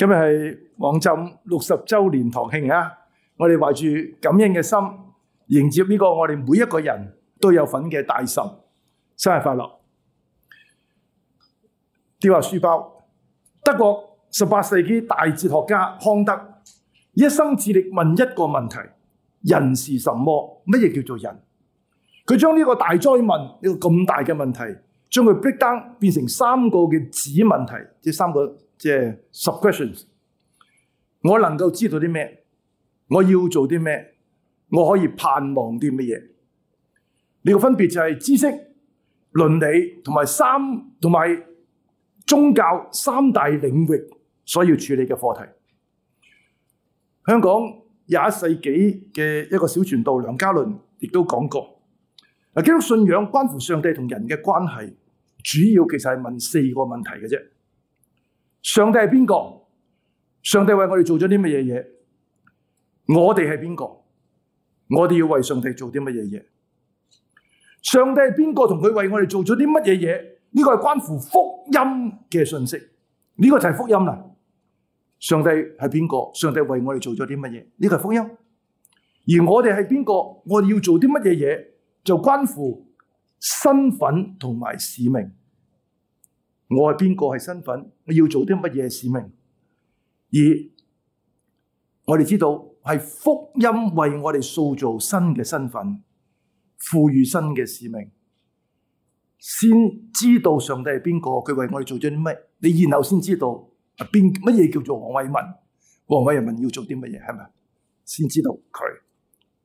今日是王震六十周年堂慶，我哋懷住感恩嘅心，迎接呢個我哋每一個人都有份嘅大神。生日快樂！丟下書包，德國十八世紀大哲學家康德，一生致力問一個問題：人是什麼？乜嘢叫做人？佢將呢個大災問呢、這個咁大嘅問題，將佢逼 n 變成三個嘅子問題，即三個。即係 subquestions 我能夠知道啲咩？我要做啲咩？我可以盼望啲乜嘢？呢、這個分別就係知識、倫理同埋三同埋宗教三大領域所要處理嘅課題。香港廿一世紀嘅一個小傳道梁家麟亦都講過：嗱，基督信仰關乎上帝同人嘅關係，主要其實係問四個問題嘅啫。上帝係邊個？上帝為我哋做咗啲乜嘢嘢？我哋係邊個？我哋要為上帝做啲乜嘢嘢？上帝係邊個？同佢為我哋做咗啲乜嘢嘢？呢個係關乎福音嘅信息。呢、這個就係福音啦。上帝係邊個？上帝為我哋做咗啲乜嘢？呢個係福音。而我哋係邊個？我哋要做啲乜嘢嘢？就關乎身份同埋使命。我係邊個？係身份？我要做啲乜嘢使命？二，我哋知道係福音為我哋塑造新嘅身份，賦予新嘅使命，先知道上帝係邊個？佢為我哋做咗啲乜？你然後先知道邊乜嘢叫做黃偉文？黃偉文要做啲乜嘢？係咪？先知道佢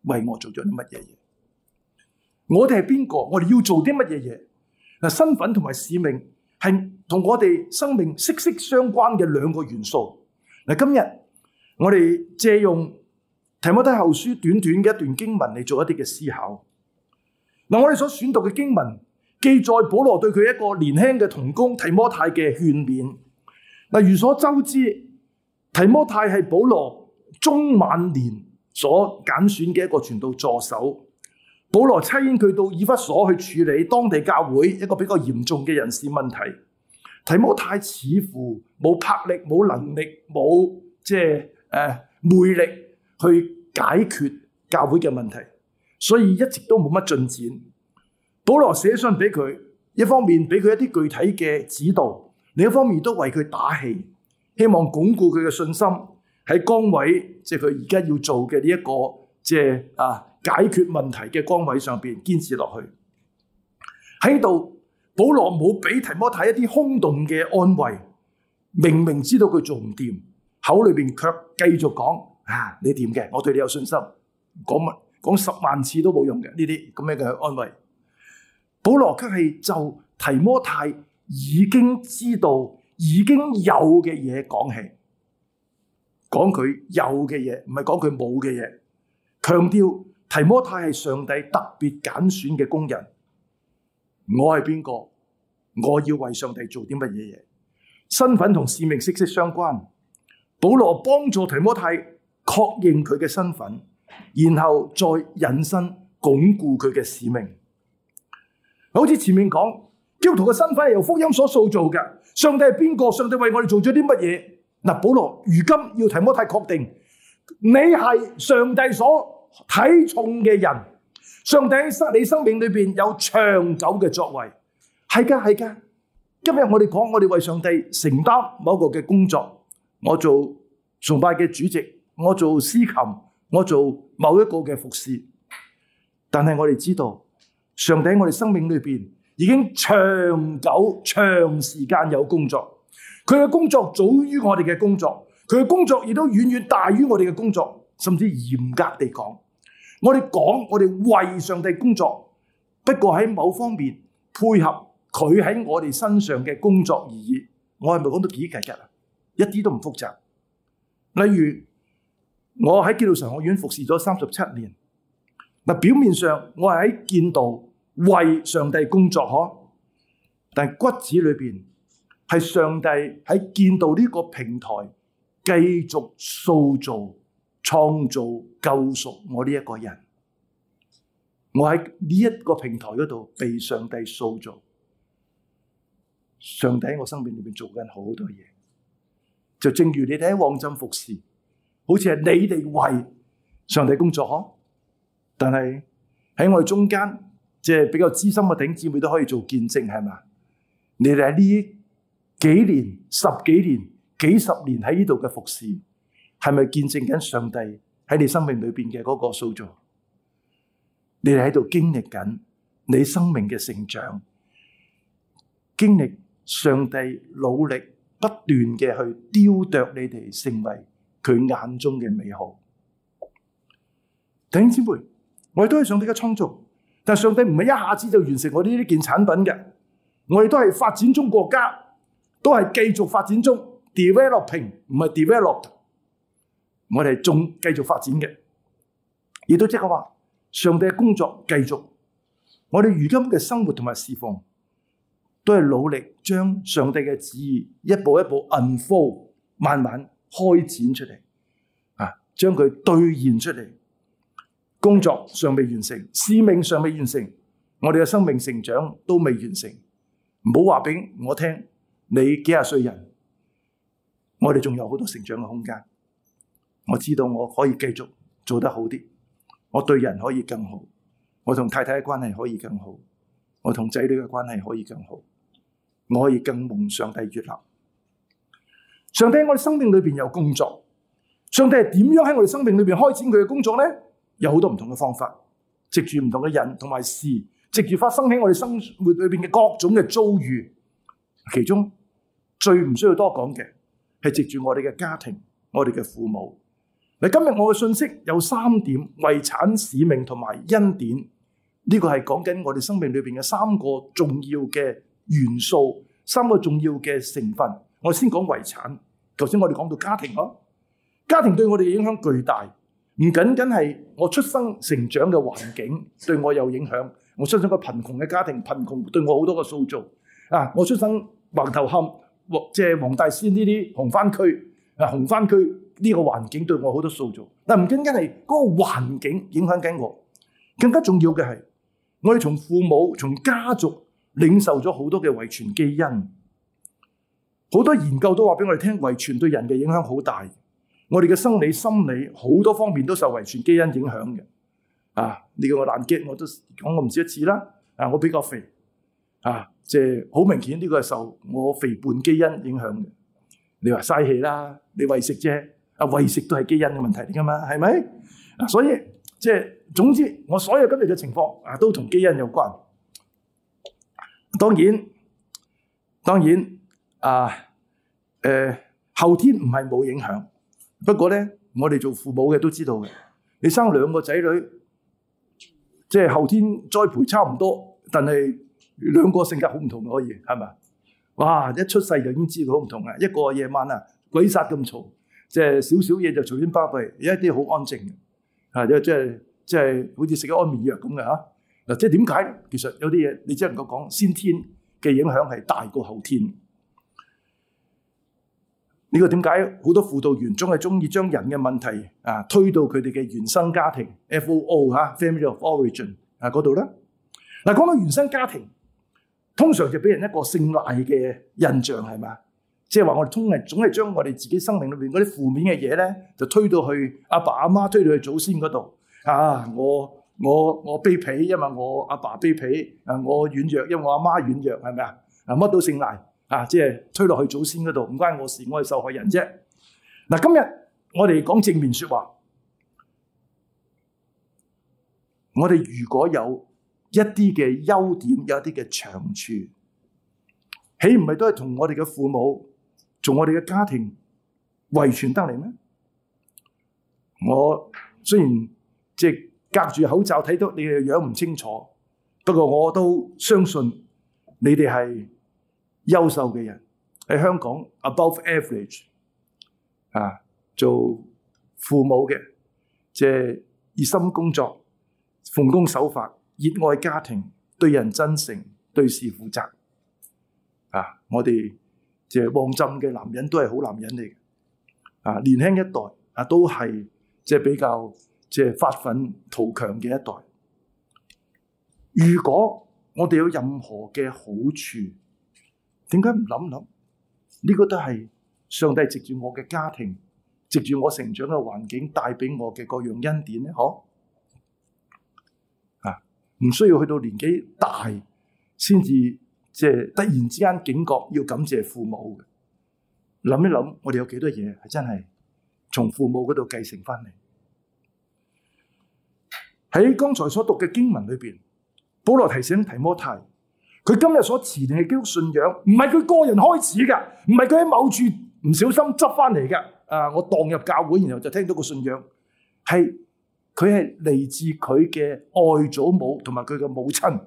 為我做咗啲乜嘢嘢？我哋係邊個？我哋要做啲乜嘢嘢？嗱，身份同埋使命。係同我哋生命息息相關嘅兩個元素。嗱，今日我哋借用提摩太後書短短嘅一段經文嚟做一啲嘅思考。嗱，我哋所選讀嘅經文記載保羅對佢一個年輕嘅同工提摩太嘅勸勉。嗱，如所周知，提摩太係保羅中晚年所揀選嘅一個傳道助手。保羅差遣佢到以弗所去處理當地教會一個比較嚴重嘅人事問題。提摩太似乎冇魄力、冇能力、冇即係呃魅力去解決教會嘅問題，所以一直都冇乜進展。保羅寫信俾佢，一方面俾佢一啲具體嘅指導，另一方面都為佢打氣，希望鞏固佢嘅信心喺崗位，即係佢而家要做嘅呢一個即啊。呃解決問題的崗位上面堅持落去在，喺度保羅冇畀提摩太一啲空洞嘅安慰，明明知道佢做唔掂，口裏面卻繼續講、啊、你掂嘅，我對你有信心。講,講十萬次都冇用嘅呢啲咁樣嘅安慰。保羅卻係就提摩太已經知道、已經有的嘅嘢講起，講佢有嘅嘢，唔係講佢冇嘅嘢，強調。提摩太係上帝特別揀選嘅工人，我係邊個？我要為上帝做啲乜嘢嘢？身份同使命息息相關。保羅幫助提摩太確認佢嘅身份，然後再引申鞏固佢嘅使命。好似前面講，基督徒嘅身份係由福音所塑造嘅。上帝係邊個？上帝為我哋做咗啲乜嘢？嗱，保羅如今要提摩太確定，你係上帝所。體重嘅人，上帝喺你生命裏面有長久嘅作為，係㗎，係㗎！今日我哋講，我哋為上帝承擔某個嘅工作，我做崇拜嘅主席，我做司琴，我做某一個嘅服侍。但係我哋知道，上帝在我哋生命裏邊已經長久、長時間有工作，佢嘅工作早於我哋嘅工作，佢嘅工作亦都遠遠大於我哋嘅工作，甚至嚴格地講。我哋講，我哋為上帝工作，不過喺某方面配合佢喺我哋身上嘅工作而已。我係咪講到幾計日啊？一啲都唔複雜。例如我喺建道神學院服侍咗三十七年，表面上我係喺建道為上帝工作，但骨子裏邊係上帝喺建道呢個平台繼續塑造，創造救贖我呢一個人，我喺呢一個平台嗰度被上帝塑造，上帝喺我生命裏邊做緊好多嘢，就正如你哋喺旺浸服侍，好似係你哋為上帝工作，但係喺我哋中間，即係比較資深嘅頂姊妹都可以做見證，係咪？你哋喺呢幾年、十幾年、幾十年喺呢度嘅服侍。係咪見證緊上帝喺你生命裏面嘅嗰個塑造？你哋喺度經歷緊你生命嘅成長，經歷上帝努力不斷嘅去雕琢你哋，成為佢眼中嘅美好。弟兄姊妹，我哋都係上帝嘅創造，但上帝唔係一下子就完成我哋呢件產品嘅，我哋都係發展中國家，都係繼續發展中，developing 唔係 develop。我哋仲繼續發展嘅，亦都即係話，上帝嘅工作繼續。我哋如今嘅生活同埋侍奉，都係努力將上帝嘅旨意一步一步 unfold，慢慢開展出嚟，啊，將佢兌現出嚟。工作尚未完成，使命尚未完成，我哋嘅生命成長都未完成。唔好話俾我聽，你幾十歲人，我哋仲有好多成長嘅空間。我知道我可以繼續做得好啲，我對人可以更好，我同太太嘅關係可以更好，我同仔女嘅關係可以更好，我可以更蒙上帝悅納。上帝喺我哋生命裏邊有工作，上帝係點樣喺我哋生命裏邊開展佢嘅工作咧？有好多唔同嘅方法，藉住唔同嘅人同埋事，藉住發生喺我哋生活裏邊嘅各種嘅遭遇，其中最唔需要多講嘅係藉住我哋嘅家庭，我哋嘅父母。嗱，今日我嘅信息有三點：遺產、使命同埋恩典。呢個係講緊我哋生命裏面嘅三個重要嘅元素，三個重要嘅成分。我先講遺產。頭先我哋講到家庭咯，家庭對我哋嘅影響巨大。唔僅僅係我出生成長嘅環境對我有影響。我相信個貧窮嘅家庭，貧窮對我好多個塑造。啊，我出生橫頭磡或者黃大仙呢啲紅番區啊，紅番區。呢個環境對我好多塑造，但唔僅僅係嗰個環境影響緊我，更加重要嘅係我哋從父母、從家族領受咗好多嘅遺傳基因。好多研究都話俾我哋聽，遺傳對人嘅影響好大。我哋嘅生理、心理好多方面都受遺傳基因影響嘅。啊，你叫我爛極，我都講我唔止一次啦。啊，我比較肥，啊，即係好明顯呢個係受我肥胖基因影響嘅。你話嘥氣啦，你為食啫。啊，餵食都係基因嘅問題嚟噶嘛，係咪？所以即係總之，我所有今日嘅情況啊，都同基因有關。當然，當然啊，誒、呃、後天唔係冇影響。不過呢，我哋做父母嘅都知道嘅，你生兩個仔女，即係後天栽培差唔多，但係兩個性格好唔同，可以，係咪？哇！一出世就已經知道好唔同喇，一個夜晚啊，鬼殺咁嘈。即係少少嘢就隨便巴閉，有一啲好安靜嘅，即係即係好似食咗安眠藥咁嘅嚇。嗱，即係點解？其實有啲嘢你只能夠講先天嘅影響係大過後天。呢個點解好多輔導員總係中意將人嘅問題啊推到佢哋嘅原生家庭 （F.O.O.） 嚇，Family of Origin 啊嗰度咧。嗱，講到原生家庭，通常就俾人一個姓賴嘅印象係嘛？是即係話我哋通常總係將我哋自己生命裏邊嗰啲負面嘅嘢咧，就推到去阿爸阿媽，推到去祖先嗰度。啊，我我我卑鄙，因為我阿爸，爸卑鄙，啊，我軟弱，因為我阿媽軟弱，係咪啊？啊，乜都姓賴，啊，即係推落去祖先嗰度，唔關我事，我係受害人啫。嗱，今日我哋講正面說話，我哋如果有一啲嘅優點，有一啲嘅長處，豈唔係都係同我哋嘅父母？從我哋嘅家庭遺傳得嚟咩？我雖然即係隔住口罩睇到你哋個樣唔清楚，不過我都相信你哋係優秀嘅人，喺香港 above average 啊，做父母嘅即係熱心工作、奉公守法、熱愛家庭、對人真誠、對事負責啊！我哋。即係旺浸嘅男人都係好男人嚟嘅，啊年輕一代啊都係即係比較即係發奮圖強嘅一代。如果我哋有任何嘅好處，點解唔諗諗？呢個都係上帝藉住我嘅家庭，藉住我成長嘅環境帶俾我嘅各樣恩典咧，嗬？啊，唔需要去到年紀大先至。即係突然之間警覺要感謝父母嘅，諗一諗，我哋有幾多嘢係真係從父母嗰度繼承翻嚟？喺剛才所讀嘅經文裏邊，保羅提醒提摩太，佢今日所持定嘅基督信仰，唔係佢個人開始嘅，唔係佢喺某處唔小心執翻嚟嘅。啊，我蕩入教會，然後就聽到嗰個信仰係佢係嚟自佢嘅外祖母同埋佢嘅母親。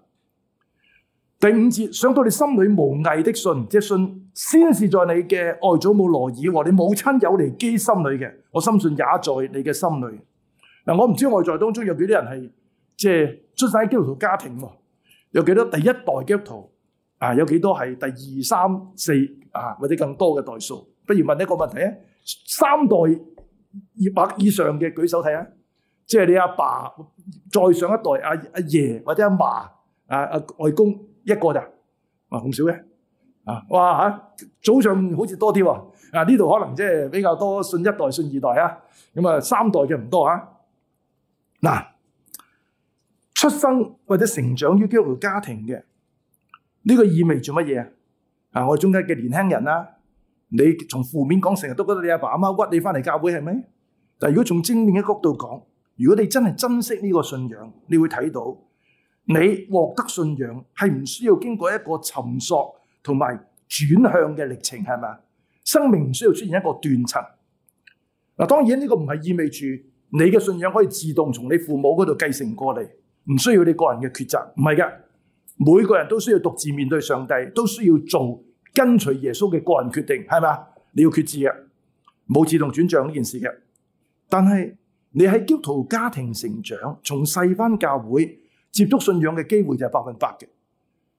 第五節，想到你心裏無偽的信，即係信先是在你嘅外祖母羅以和你母親友尼基心裏嘅，我深信也在你嘅心裏。嗱，我唔知道外在當中有幾多人係即係出生喺基督徒家庭喎，有幾多第一代基督徒啊？有幾多係第二、三、四啊或者更多嘅代數？不如問一個問題啊：三代二百以上嘅舉手睇下，即係你阿爸再上一代阿阿爺或者阿嫲啊，啊，啊，啊外公。一個咋？啊咁少嘅？啊哇嚇！早上好似多啲喎。啊呢度可能即係比較多信一代、信二代啊。咁啊三代就唔多啊。嗱、啊，出生或者成長於基督徒家庭嘅呢、這個意味住乜嘢啊？我哋中間嘅年輕人啊，你從負面講成日都覺得你阿爸阿媽屈你返嚟教會係咪？但係如果從正面嘅角度講，如果你真係珍惜呢個信仰，你會睇到。你獲得信仰係唔需要經過一個尋索同埋轉向嘅歷程，係咪？生命唔需要出現一個斷層。當然呢個唔係意味住你嘅信仰可以自動從你父母嗰度繼承過嚟，唔需要你個人嘅抉擇。唔係嘅，每個人都需要獨自面對上帝，都需要做跟隨耶穌嘅個人決定，係咪？你要決志嘅，冇自動轉向呢件事嘅。但係你喺基督徒家庭成長，從細返教會。接觸信仰嘅機會就係百分百嘅，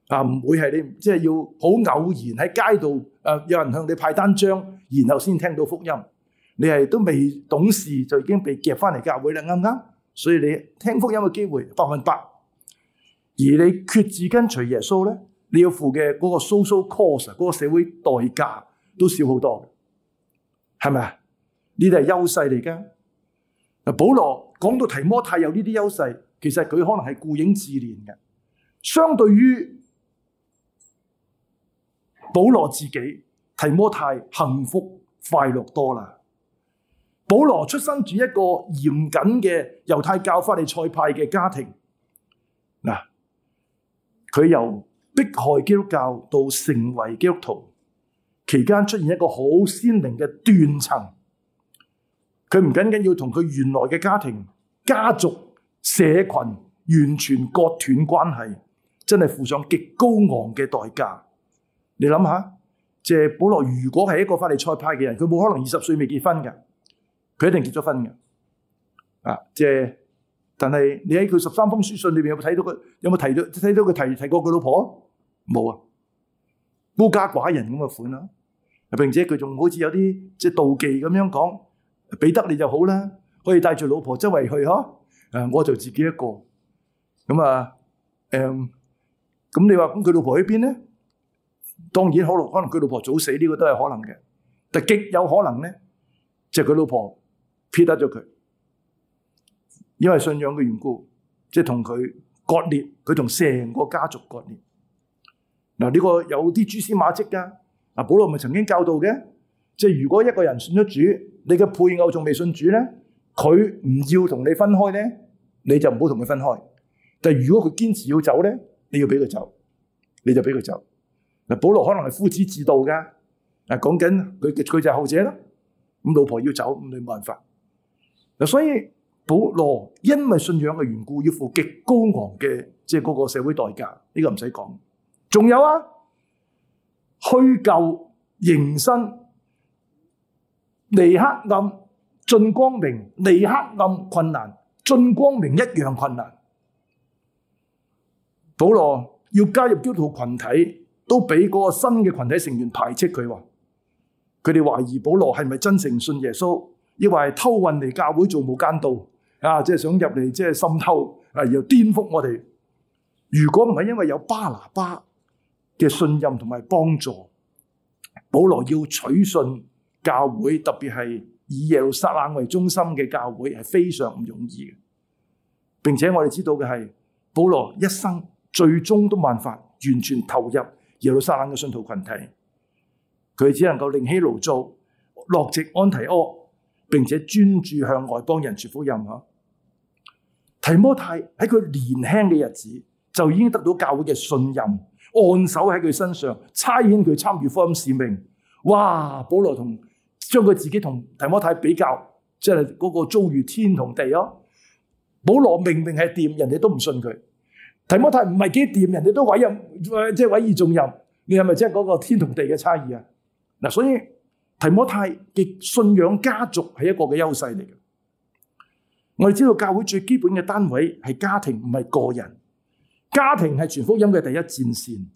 啊唔會係你即係、就是、要好偶然喺街度，有人向你派單張，然後先聽到福音。你係都未懂事就已經被夾翻嚟教會啦，啱唔啱？所以你聽福音嘅機會百分百，而你決志跟隨耶穌呢，你要付嘅嗰個 social cost 嗰個社會代價都少好多，係咪啊？呢啲係優勢嚟噶。保羅講到提摩太有呢啲優勢。其實佢可能係顧影自憐㗎。相對於保羅自己，提摩太幸福快樂多啦。保羅出生住一個嚴謹嘅猶太教法利賽派嘅家庭，嗱，佢由迫害基督教到成為基督徒期間出現一個好鮮明嘅斷層，佢唔僅僅要同佢原來嘅家庭家族，社群完全割斷關係，真係付上極高昂嘅代價。你諗下，即係保羅如果係一個法利賽派嘅人，佢冇可能二十歲未結婚嘅，佢一定結咗婚嘅。啊，即係，但係你喺佢十三封書信裏邊有冇睇到佢，有冇睇到？睇到佢提提過佢老婆？冇啊，孤家寡人咁嘅款啊。並且佢仲好似有啲即係妒忌咁樣講，彼得你就好啦，可以帶住老婆周圍去嗬、啊。我就自己一個，咁啊，誒、嗯，咁你話咁佢老婆喺邊呢？當然可能，可能佢老婆早死呢、這個都係可能嘅，但極有可能咧，就佢老婆撇得咗佢，因為信仰嘅緣故，即係同佢割裂，佢同成個家族割裂。嗱，呢個有啲蛛絲馬跡㗎。嗱，保羅咪曾經教導嘅，即、就、係、是、如果一個人信咗主，你嘅配偶仲未信主呢？佢唔要同你分開呢，你就唔好同佢分開。但如果佢堅持要走咧，你要俾佢走，你就俾佢走。嗱，保羅可能係夫子自道噶，嗱，講緊佢，佢就係後者咯。咁老婆要走，咁你冇辦法。所以保羅因為信仰嘅緣故，要付極高昂嘅，即係嗰個社會代價，呢個唔使講。仲有啊，去舊迎新，離黑暗。進光明，離黑暗，困難；進光明一樣困難。保羅要加入基督徒群體，都俾個新嘅群體成員排斥佢。佢哋懷疑保羅係咪真誠信耶穌，因為係偷運嚟教會做無間道啊？即係想入嚟，即係滲透，又要顛覆我哋。如果唔係因為有巴拿巴嘅信任同埋幫助，保羅要取信教會，特別係以耶路撒冷為中心嘅教會係非常唔容易嘅。並且我哋知道嘅係保羅一生最終都無法完全投入耶路撒冷嘅信徒群體，佢只能夠另起爐灶，落籍安提阿，並且專注向外邦人傳福音嗬。提摩太喺佢年輕嘅日子就已經得到教會嘅信任，按手喺佢身上，差遣佢參與福音使命。哇！保羅同將佢自己同提摩太比較，即係嗰個遭遇天同地咯。保羅明明係掂，人哋都唔信佢；提摩太唔係幾掂，人哋都委任，即係委以重任。你係咪即係嗰個天同地嘅差異啊？嗱，所以提摩太嘅信仰家族係一個嘅優勢嚟嘅。我哋知道教會最基本嘅單位係家庭，唔係個人。家庭係全福音嘅第一戰線。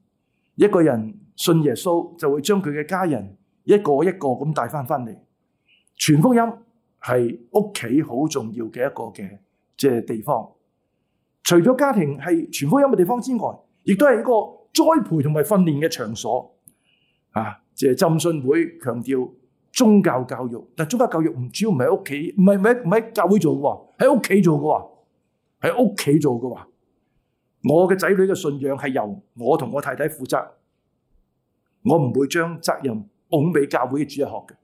一個人信耶穌，就會將佢嘅家人，一個一個咁帶翻翻嚟，傳福音係屋企好重要嘅一個嘅即係地方。除咗家庭係傳福音嘅地方之外，亦都係一個栽培同埋訓練嘅場所。啊，即係浸信會強調宗教教育，但係宗教教育唔主要唔喺屋企，唔係唔係唔喺教會做嘅，喺屋企做嘅，喺屋企做嘅。我嘅仔女嘅信仰係由我同我太太負責，我唔會將責任。歐美教會嘅主日學嘅，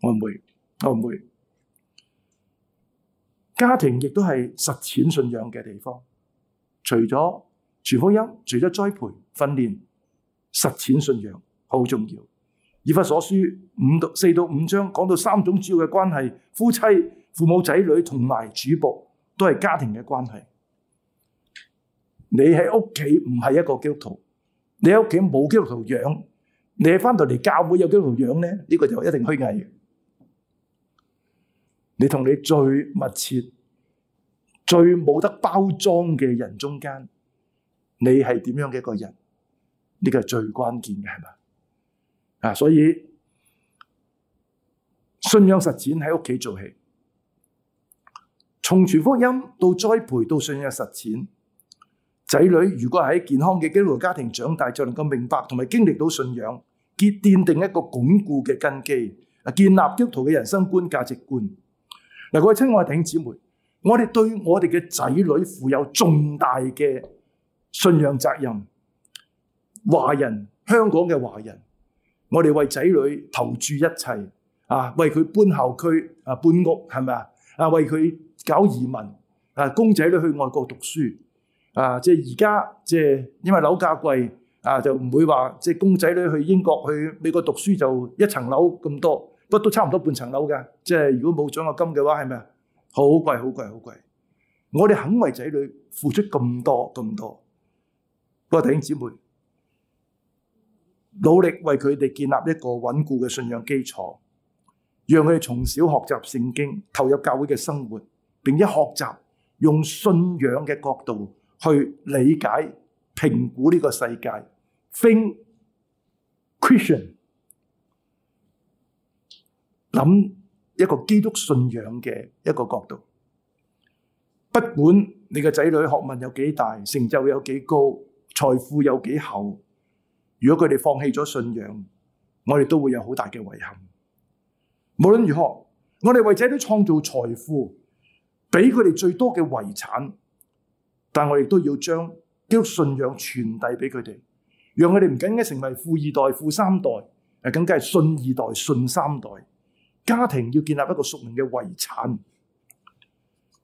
我唔會，我唔會。家庭亦都係實踐信仰嘅地方，除咗傳福音，除咗栽培、訓練、實踐信仰，好重要。以弗所書五到四到五章講到三種主要嘅關係：夫妻、父母、仔女，同埋主僕，都係家庭嘅關係。你喺屋企唔係一個基督徒，你喺屋企冇基督徒養。你翻到嚟教會有幾培養咧？呢個就一定虛偽。你同你最密切、最冇得包裝嘅人中間，你係點樣嘅一個人？呢個係最關鍵嘅，係咪？啊！所以信仰實踐喺屋企做起，從傳福音到栽培到信仰實踐，仔女如果喺健康嘅基督徒家庭長大，就能夠明白同埋經歷到信仰。奠定一個鞏固嘅根基，啊，建立基督徒嘅人生觀、價值觀。嗱，各位親愛嘅弟兄姊妹，我哋對我哋嘅仔女負有重大嘅信仰責任。華人，香港嘅華人，我哋為仔女投注一切，啊，為佢搬校區，啊，搬屋，係咪啊？啊，為佢搞移民，啊，供仔女去外國讀書，啊，即係而家，即係因為樓價貴。啊，就唔會話即係供仔女去英國、去美國讀書就一層樓咁多，不過都差唔多半層樓嘅。即係如果冇獎學金嘅話，係咪啊？好貴、好貴、好貴！我哋肯為仔女付出咁多、咁多，各位弟兄姊妹，努力為佢哋建立一個穩固嘅信仰基礎，讓佢哋從小學習聖經，投入教會嘅生活，並且學習用信仰嘅角度去理解。評估呢個世界，Think Christian 諗一個基督信仰嘅一個角度，不管你嘅仔女學問有幾大，成就有幾高，財富有幾厚，如果佢哋放棄咗信仰，我哋都會有好大嘅遺憾。無論如何，我哋為仔都創造財富，俾佢哋最多嘅遺產，但我哋都要將，叫信仰傳遞俾佢哋，讓我哋唔僅僅成為富二代、富三代，誒，更加係信二代、信三代。家庭要建立一個屬靈嘅遺產。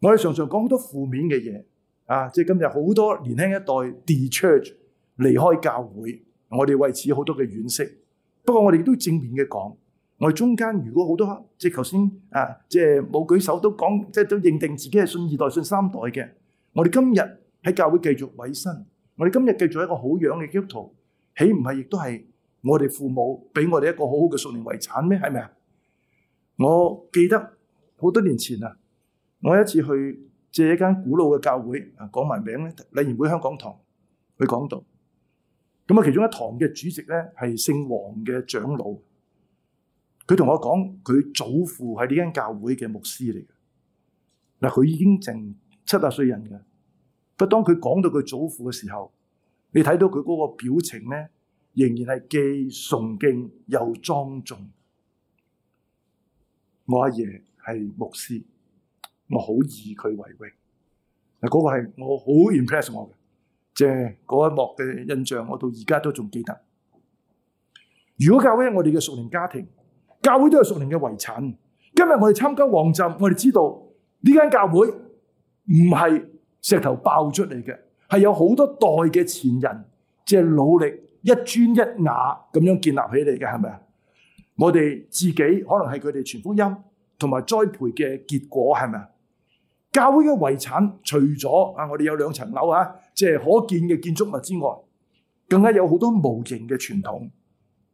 我哋常常講好多負面嘅嘢啊，即係今日好多年輕一代 d e c h a r c h 離開教會，我哋為此好多嘅惋惜。不過我哋都正面嘅講，我哋中間如果好多即係頭先啊，即係冇舉手都講，即係都認定自己係信二代、信三代嘅，我哋今日。喺教會繼續委身，我哋今日繼續一個好樣嘅基督徒，豈唔係亦都係我哋父母俾我哋一個好好嘅屬靈遺產咩？係咪啊？我記得好多年前啊，我一次去借一間古老嘅教會，講埋名咧，禮賢會香港堂，佢講到，咁啊，其中一堂嘅主席咧係姓黃嘅長老，佢同我講佢祖父係呢間教會嘅牧師嚟嘅，嗱，佢已經剩七十歲人噶。不，當佢講到佢祖父嘅時候，你睇到佢嗰個表情咧，仍然係既崇敬又莊重。我阿爺係牧師，我好以佢為榮。嗱、那個，嗰個係我好 impress 我嘅，即係嗰一幕嘅印象，我到而家都仲記得。如果教會係我哋嘅熟齡家庭，教會都有熟齡嘅遺產。今日我哋參加旺浸，我哋知道呢間教會唔係石頭爆出嚟嘅，係有好多代嘅前人，即係努力一磚一瓦咁樣建立起嚟嘅，係咪啊？我哋自己可能係佢哋傳福音同埋栽培嘅結果，係咪啊？教會嘅遺產，除咗啊，我哋有兩層樓啊，即係可見嘅建築物之外，更加有好多無形嘅傳統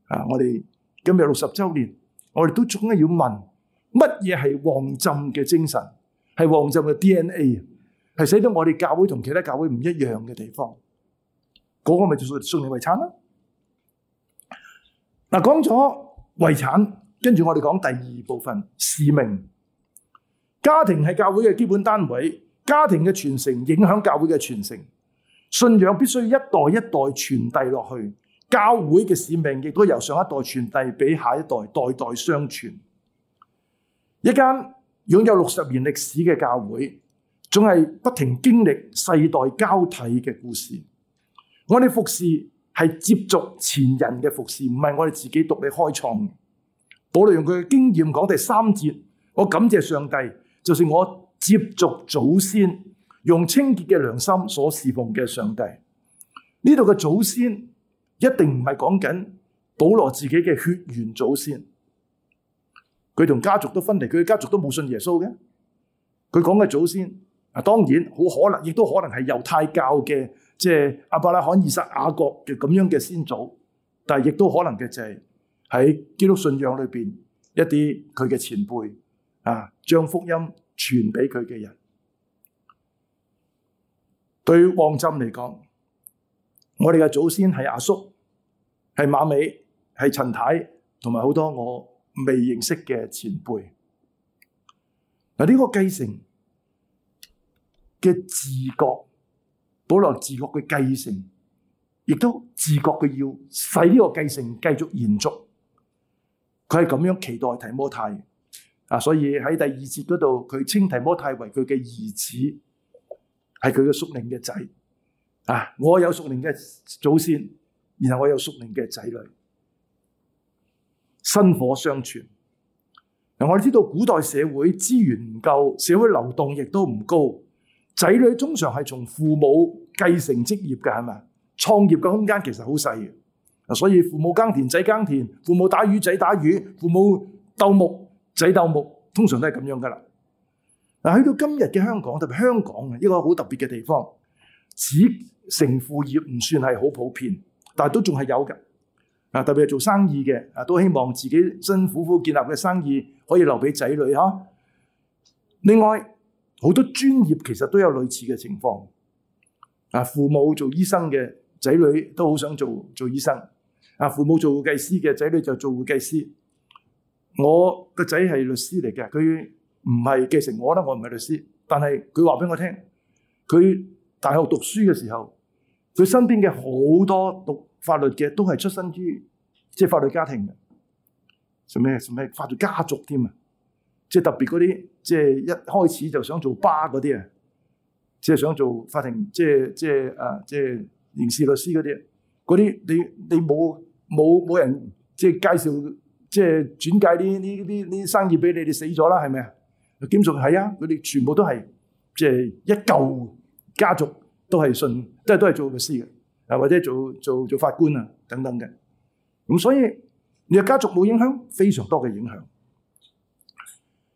啊！我哋今日六十周年，我哋都總歸要問乜嘢係旺浸嘅精神，係旺浸嘅 DNA 係寫到我哋教會同其他教會唔一樣嘅地方，嗰、嗰個咪就屬於你遺產啦。嗱，講咗遺產，跟住我哋講第二部分使命。家庭係教會嘅基本單位，家庭嘅傳承影響教會嘅傳承。信仰必須一代一代傳遞落去，教會嘅使命亦都由上一代傳遞俾下一代，代，代代相傳。一間擁有六十年歷史嘅教會。仲係不停經歷世代交替嘅故事，我哋服侍係接續前人嘅服侍，唔係我哋自己獨力開創嘅。保羅用佢嘅經驗講第三節，我感謝上帝，就算我接續祖先，用清潔嘅良心所侍奉嘅上帝。呢度嘅祖先一定唔係講緊保羅自己嘅血緣祖先，佢同家族都分離，佢嘅家族都冇信耶穌嘅，佢講嘅祖先。嗱，當然好可能，亦都可能係猶太教嘅，即係阿伯拉罕、以撒、雅各嘅咁樣嘅先祖，但係亦都可能嘅就係喺基督信仰裏邊一啲佢嘅前輩啊，將福音傳俾佢嘅人。對旺浸嚟講，我哋嘅祖先係阿叔，係馬尾，係陳太，同埋好多我未認識嘅前輩。嗱，呢個繼承嘅自覺，保留自覺嘅繼承，亦都自覺嘅要使呢個繼承繼續延續。佢係咁樣期待提摩太啊，所以喺第二節嗰度，佢稱提摩太為佢嘅兒子，係佢嘅屬靈嘅仔啊。我有屬靈嘅祖先，然後我有屬靈嘅仔女，薪火相傳。嗱，啊，我哋知道古代社會資源唔夠，社會流動亦都唔高。仔女通常係從父母繼承職業嘅，係咪？創業嘅空間其實好細，所以父母耕田，仔耕田；父母打魚，仔打魚；父母鬥木，仔鬥木，通常都係咁樣㗎喇。嗱，去到今日嘅香港，特別香港，一個好特別嘅地方，子承父業唔算係好普遍，但都仲係有嘅。啊，特別係做生意嘅啊，都希望自己辛苦苦建立嘅生意可以留俾仔女。另外，好多專業其實都有類似嘅情況，啊！父母做醫生嘅仔女都好想做做醫生，啊！父母做會計師嘅仔女就做會計師。我個仔係律師嚟嘅，佢唔係繼承我啦，我唔係律師。但係佢話俾我聽，佢大學讀書嘅時候，佢身邊嘅好多讀法律嘅都係出身於即係法律家庭嘅，做咩做咩法律家族添啊！即係特別嗰啲，即係一開始就想做巴嗰啲啊，即係想做法庭，即係即係啊，即係刑事律師嗰啲啊，嗰啲你你冇冇冇人即係介紹，即係轉介呢啲呢啲呢啲生意俾你，你死咗啦，係咪啊？兼屬係啊，佢哋全部都係即係一嚿家族都係信，都係都係做律師嘅，啊或者做做做法官啊等等嘅。咁所以你嘅家族冇影響，非常多嘅影響。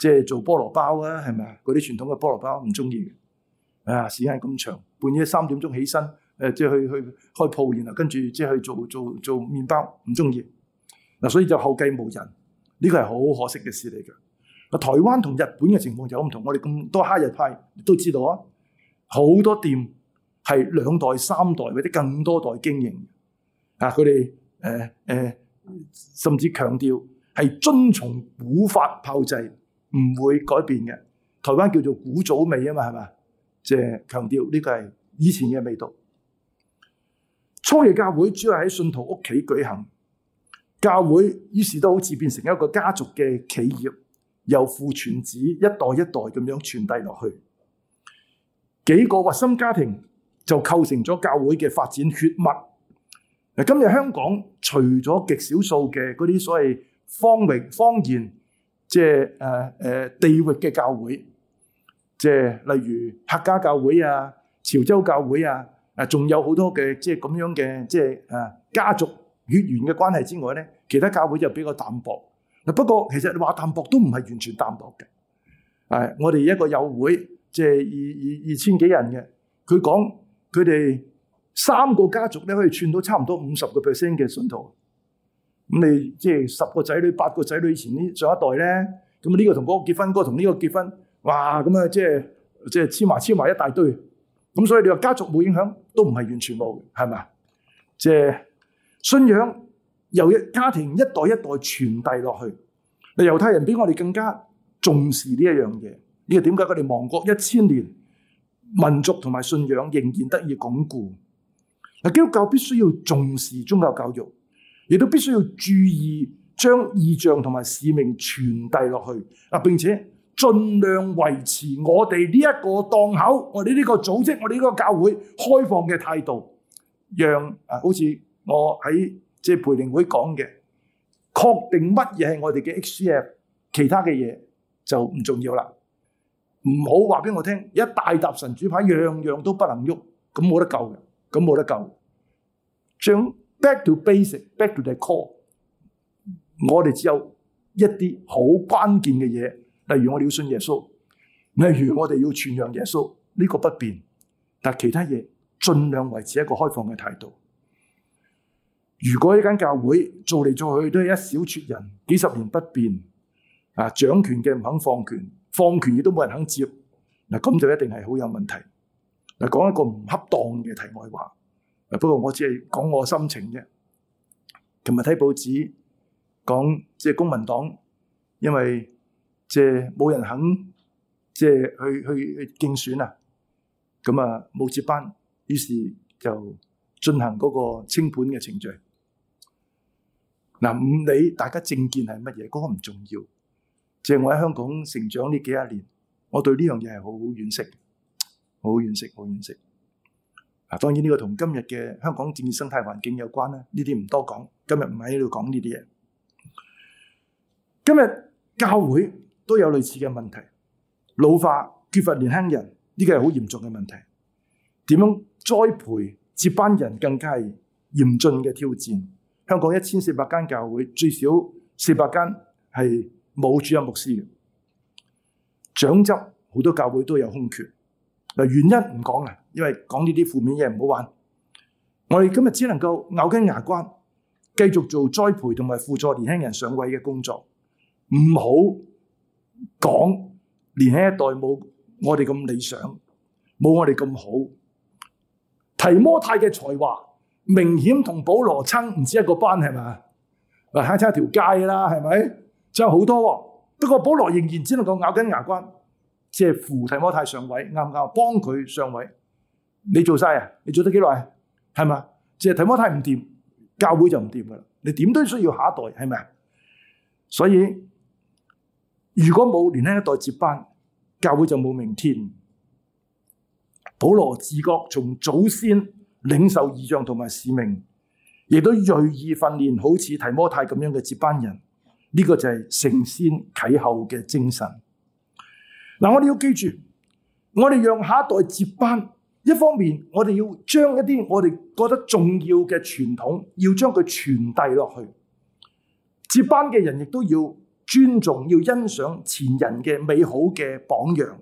即係做菠蘿包啊，係咪啊？嗰啲傳統嘅菠蘿包唔中意嘅，啊時間咁長，半夜三點鐘起身，誒即係去去開鋪，然後跟住即係去做做做麵包，唔中意嗱，所以就後繼無人，呢個係好可惜嘅事嚟㗎，啊。台灣同日本嘅情況就好唔同，我哋咁多哈日派都知道啊，好多店係兩代三代或者更多代經營，啊佢哋誒誒甚至強調係遵從古法炮製。唔會改變嘅，台灣叫做古早味啊嘛是，係嘛？即係強調呢個係以前嘅味道。初期教會主要喺信徒屋企舉行，教會於是都好似變成一個家族嘅企業，由父傳子，一代一代咁樣傳遞落去。幾個核心家庭就構成咗教會嘅發展血脈。嗱，今日香港除咗極少數嘅嗰啲所謂方域、方言，即係誒誒地域嘅教會，即係例如客家教會啊、潮州教會啊，誒仲有好多嘅即係咁樣嘅即係誒家族血緣嘅關係之外咧，其他教會就比較淡薄。嗱，不過其實你話淡薄都唔係完全淡薄嘅。誒，我哋一個友會即係、就是、二二二千幾人嘅，佢講佢哋三個家族咧，可以串到差唔多五十個 percent 嘅信徒。你即係十個仔女，八個仔女，以前呢上一代咧，咁呢個同嗰個結婚，嗰個同呢個結婚，哇！咁啊即係即係黐埋黐埋一大堆，咁所以你話家族冇影響都唔係完全冇嘅，係咪？即係信仰由一家庭一代一代傳遞落去。嗱，猶太人比我哋更加重視呢一樣嘢，呢個點解我哋亡國一千年，民族同埋信仰仍然得以鞏固？基督教必須要重視宗教教育。亦都必須要注意將異象同埋使命傳遞落去。嗱，並且盡量維持我哋呢一個檔口，我哋呢個組織，我哋呢個教會開放嘅態度，讓啊，好似我喺即係培靈會講嘅，確定乜嘢係我哋嘅 X、G、F，其他嘅嘢就唔重要啦。唔好話俾我聽，一大搭神主牌，樣樣都不能喐，咁冇得救嘅，咁冇得救。將 Back to basic, back to the core。我哋只有一啲好關鍵嘅嘢，例如我哋要信耶穌，例如我哋要傳揚耶穌，呢、這個不變。但其他嘢盡量維持一個開放嘅態度。如果一間教會做嚟做去都係一小撮人，幾十年不變，啊，掌權嘅唔肯放權，放權亦都冇人肯接，嗱咁就一定係好有問題。嗱，講一個唔恰當嘅題外話。誒，不過我只係講我心情啫，尋日睇報紙講，即係公民黨，因為即係冇人肯即係去去競選啊，咁啊冇接班，於是就進行嗰個清盤嘅程序。嗱，唔理大家政見係乜嘢，嗰個唔重要。即係我喺香港成長呢幾十年，我對呢樣嘢係好惋惜，好惋惜，好惋惜。嗱，當然呢個同今日嘅香港政治生態環境有關啦。呢啲唔多講，今日唔喺度講呢啲嘢。今日教會都有類似嘅問題，老化，缺乏年輕人，呢個係好嚴重嘅問題。點樣栽培接班人更加係嚴峻嘅挑戰。香港一千四百間教會，最少四百間係冇主任牧師嘅，長執好多教會都有空缺。嗱，原因唔講啦。因為講呢啲負面嘢唔好玩，我哋今日只能夠咬緊牙關，繼續做栽培同埋輔助年輕人上位嘅工作。唔好講年輕一代冇我哋咁理想，冇我哋咁好。提摩太嘅才華明顯同保羅爭唔止一個班係咪？咪差一,一條街啦，係咪？仲有好多，哦。不過保羅仍然只能夠咬緊牙關，即係扶提摩太上位，啱唔啱？幫佢上位。你做晒啊？你做咗幾耐？係嘛？淨係提摩太唔掂，教會就唔掂噶啦。你點都需要下一代，係咪？所以如果冇年輕一代接班，教會就冇明天。保羅自覺從祖先領受異象同埋使命，亦都銳意訓練好似提摩太咁樣嘅接班人。呢、這個就係承先啟後嘅精神。嗱、啊，我哋要記住，我哋讓下一代接班。一方面，我哋要將一啲我哋覺得重要嘅傳統，要將佢傳遞落去。接班嘅人亦都要尊重、要欣賞前人嘅美好嘅榜樣，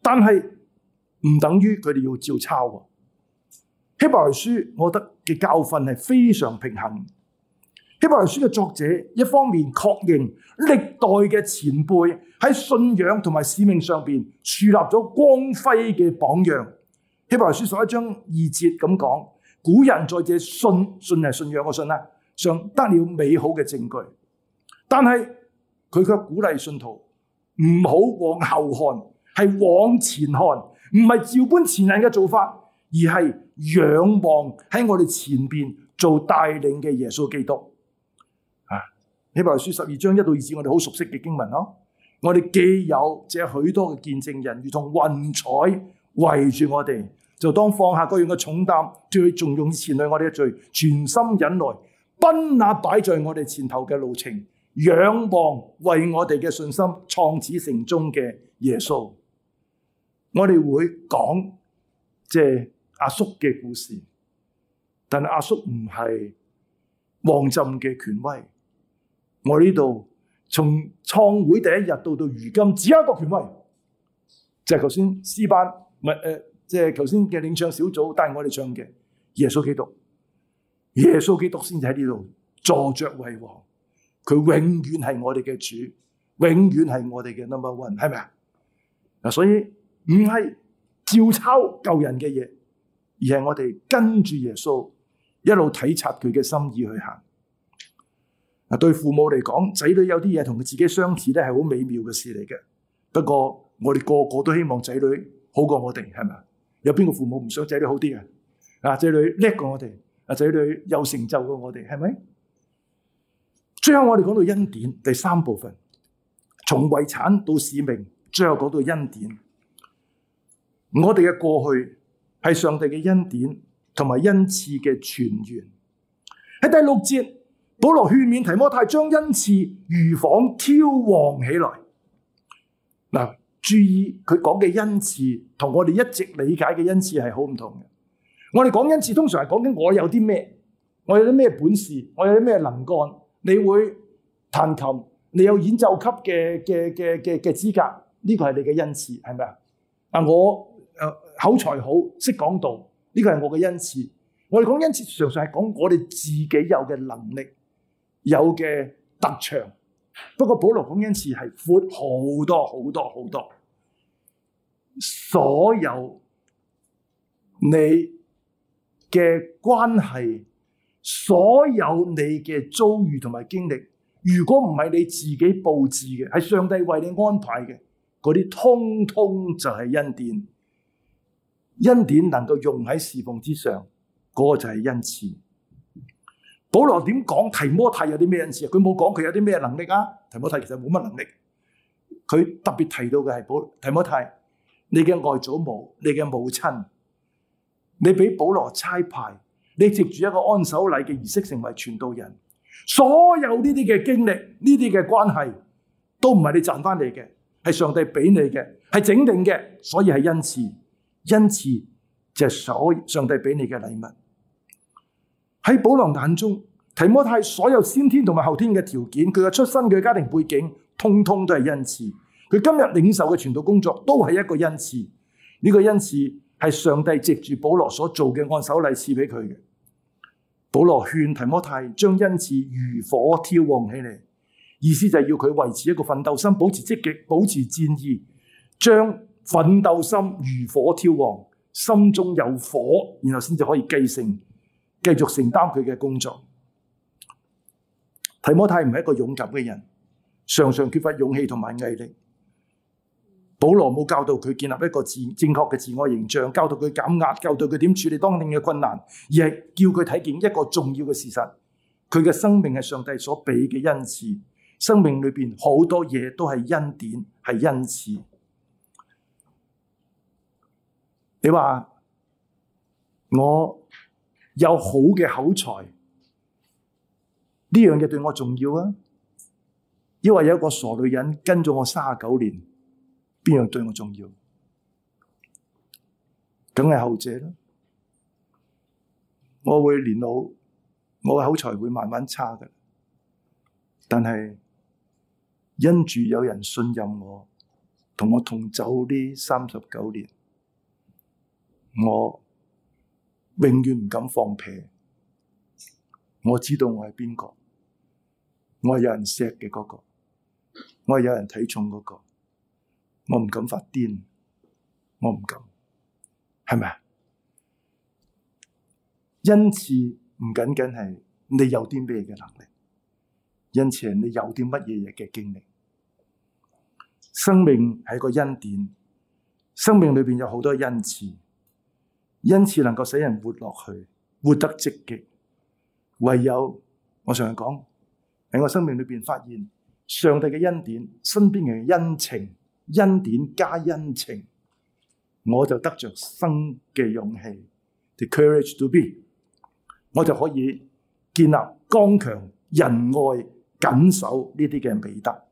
但係唔等於佢哋要照抄。希伯來書，我覺得嘅教訓係非常平衡。希伯來書嘅作者一方面確認歷代嘅前輩喺信仰同埋使命上面樹立咗光輝嘅榜樣。希伯來書十一章二節咁講，古人在這信信係信，信仰嘅信啦，上得了美好嘅證據。但係佢卻鼓勵信徒唔好往後看，係往前看，唔係照搬前人嘅做法，而係仰望喺我哋前邊做帶領嘅耶穌基督。啊，希伯來書十二章一到二節，我哋好熟悉嘅經文咯。我哋既有這許多嘅見證人，如同雲彩圍住我哋，就當放下各樣嘅重擔，脫去容易纏累我哋嘅罪，全心忍耐，奔那擺在我哋前頭嘅路程，仰望為我哋嘅信心創始成終嘅耶穌。我哋會講即係阿叔嘅故事，但係阿叔唔係旺浸嘅權威。我呢度從創會第一日到到如今，只有一個權威，就係頭先詩班咪誒。即係頭先嘅領唱小組，帶我哋唱嘅耶穌基督，耶穌基督先至喺呢度坐着為王，佢永遠係我哋嘅主，永遠係我哋嘅 number one，係咪啊？嗱，所以唔係照抄救人嘅嘢，而係我哋跟住耶穌一路體察佢嘅心意去行。嗱，對父母嚟講，仔女有啲嘢同佢自己相似咧，係好美妙嘅事嚟嘅。不過我哋個個都希望仔女好過我哋，係咪啊？有邊個父母唔想仔女好啲嘅？啊，仔女叻過我哋，啊，仔女有成就過我哋，係咪？最後我哋講到恩典，第三部分，從遺產到使命，最後講到恩典。我哋嘅過去係上帝嘅恩典同埋恩賜嘅泉源。喺第六節，保羅勸勉提摩太將恩賜如火挑旺起來。注意佢講嘅恩賜，同我哋一直理解嘅恩賜係好唔同嘅。我哋講恩賜通常係講緊我有啲咩，我有啲咩本事，我有啲咩能幹，你會彈琴，你有演奏級嘅嘅嘅資格，呢個係你嘅恩賜，係咪？嗱，我、呃、口才好，識講道，呢個係我嘅恩賜。我哋講恩賜，常常係講我哋自己有嘅能力，有嘅特長。不過保羅講恩賜係闊好多好多好多，所有你嘅關係，所有你嘅遭遇同埋經歷，如果唔係你自己布置嘅，係上帝為你安排嘅，嗰啲通通就係恩典，恩典能夠用喺侍奉之上，嗰個就係恩賜。保羅點講提摩太有啲咩恩賜啊？佢冇講佢有啲咩能力啊？提摩太其實冇乜能力。佢特別提到嘅係保提摩太，你嘅外祖母，你嘅母親，你俾保羅差派，你接住一個按手禮嘅儀式成為傳道人。所有呢啲嘅經歷，呢啲嘅關係，都唔係你賺翻嚟嘅，係上帝俾你嘅，係整定嘅，所以係恩賜，恩賜就係上帝俾你嘅禮物。喺保羅眼中，提摩太所有先天同埋後天嘅條件，佢嘅出身、佢家庭背景，通通都係恩賜。佢今日領受嘅傳道工作，都係一個恩賜。呢個恩賜係上帝藉住保羅所做嘅按手禮賜畀佢嘅。保羅勸提摩太將恩賜如火挑旺起嚟，意思就係要佢維持一個奮鬥心，保持積極，保持戰意，將奮鬥心如火挑旺，心中有火，然後先至可以繼承繼續承擔佢嘅工作。提摩太唔係一個勇敢嘅人，常常缺乏勇氣同埋毅力。保羅冇教導佢建立一個正正確嘅自我形象，教導佢減壓，教導佢點處理當年嘅困難，而係叫佢睇見一個重要嘅事實：佢嘅生命係上帝所俾嘅恩賜，生命裏邊好多嘢都係恩典，係恩賜。你話我？有好嘅口才，呢樣嘢對我重要啊！因為有一個傻女人跟咗我三十九年，邊樣對我重要？梗係後者啦。我會年老，我嘅口才會慢慢差㗎。但係因住有人信任我，同我同走呢三十九年，我。永遠唔敢放屁，我知道我係邊個，我係有人錫嘅嗰個，我係有人睇重嗰個，我唔敢發癲，我唔敢。係咪啊？恩賜唔僅僅係你有啲咩嘅能力，恩賜係你有啲乜嘢嘅經歷，生命係個恩典，生命裏邊有好多恩賜。因此能夠使人活落去，活得積極。唯有我常日講喺我生命裏邊發現上帝嘅恩典，身邊嘅恩情、恩典加恩情，我就得着生嘅勇氣，the courage to be，我就可以建立剛強、仁愛、緊守呢啲嘅美德。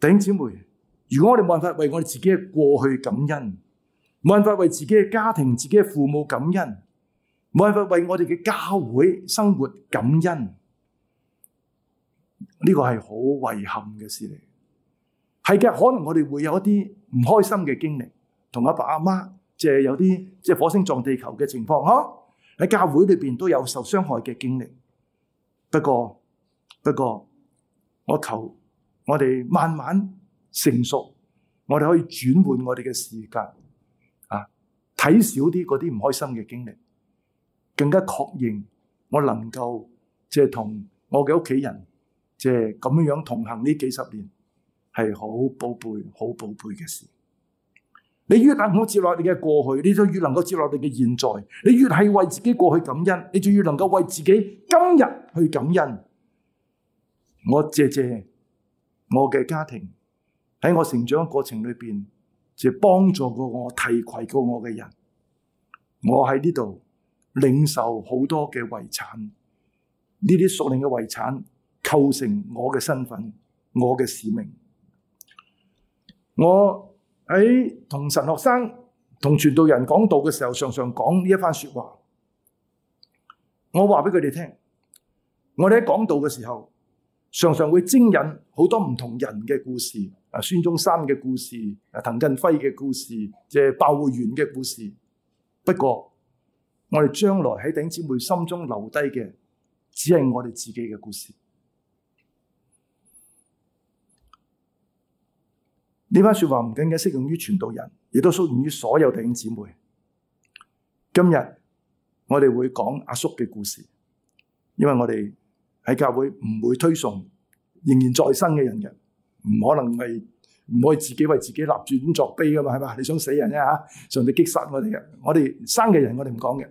弟兄姊妹，如果我哋冇辦法為我哋自己嘅過去感恩，冇辦法為自己嘅家庭、自己嘅父母感恩，冇辦法為我哋嘅教會生活感恩，呢個係好遺憾嘅事嚟。係嘅，可能我哋會有一啲唔開心嘅經歷，同阿爸阿媽即係有啲即係火星撞地球嘅情況。嗬，喺教會裏邊都有受傷害嘅經歷。不過，不過我求我哋慢慢成熟，我哋可以轉換我哋嘅時間。睇少啲嗰啲唔開心嘅經歷，更加確認我能夠即係同我嘅屋企人即係咁樣同行呢幾十年係好寶貝、好寶貝嘅事。你越能夠接落你嘅過去，你就越能夠接落你嘅現在。你越係為自己過去感恩，你就越能夠為自己今日去感恩。我謝謝我嘅家庭喺我成長過程裏邊。就幫助過我，提携過我嘅人，我喺呢度領受好多嘅遺產。呢啲屬靈嘅遺產構成我嘅身份、我嘅使命。我喺同神學生、同傳道人講道嘅時候，常常講呢一番說話。我話俾佢哋聽，我哋喺講道嘅時候，常常會徵引好多唔同人嘅故事。啊，孫中山嘅故事，啊，滕近輝嘅故事，即係鮑會園嘅故事。不過，我哋將來喺弟兄姊妹心中留低嘅，只係我哋自己嘅故事。呢番說話唔僅僅適用於傳道人，亦都適用於所有弟兄姊妹。今日我哋會講阿叔嘅故事，因為我哋喺教會唔會推崇仍然在生嘅人人。唔可能係唔可以自己為自己立住咁作碑噶嘛，係嘛？你想死人啫嚇！上帝擊殺我哋嘅，我哋生嘅人我哋唔講嘅，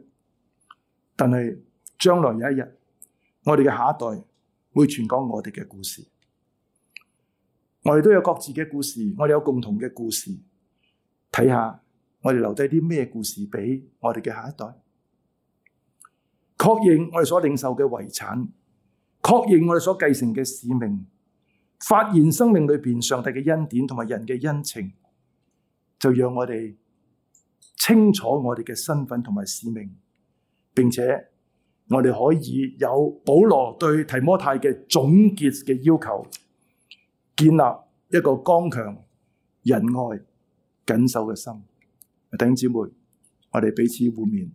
但係將來有一日，我哋嘅下一代會傳講我哋嘅故事。我哋都有各自嘅故事，我哋有共同嘅故事。睇下我哋留低啲咩故事俾我哋嘅下一代？確認我哋所領受嘅遺產，確認我哋所繼承嘅使命。發現生命裏邊上帝嘅恩典同埋人嘅恩情，就讓我哋清楚我哋嘅身份同埋使命，並且我哋可以有保羅對提摩太嘅總結嘅要求，建立一個剛強、仁愛、謹守嘅心。弟兄姊妹，我哋彼此互勉。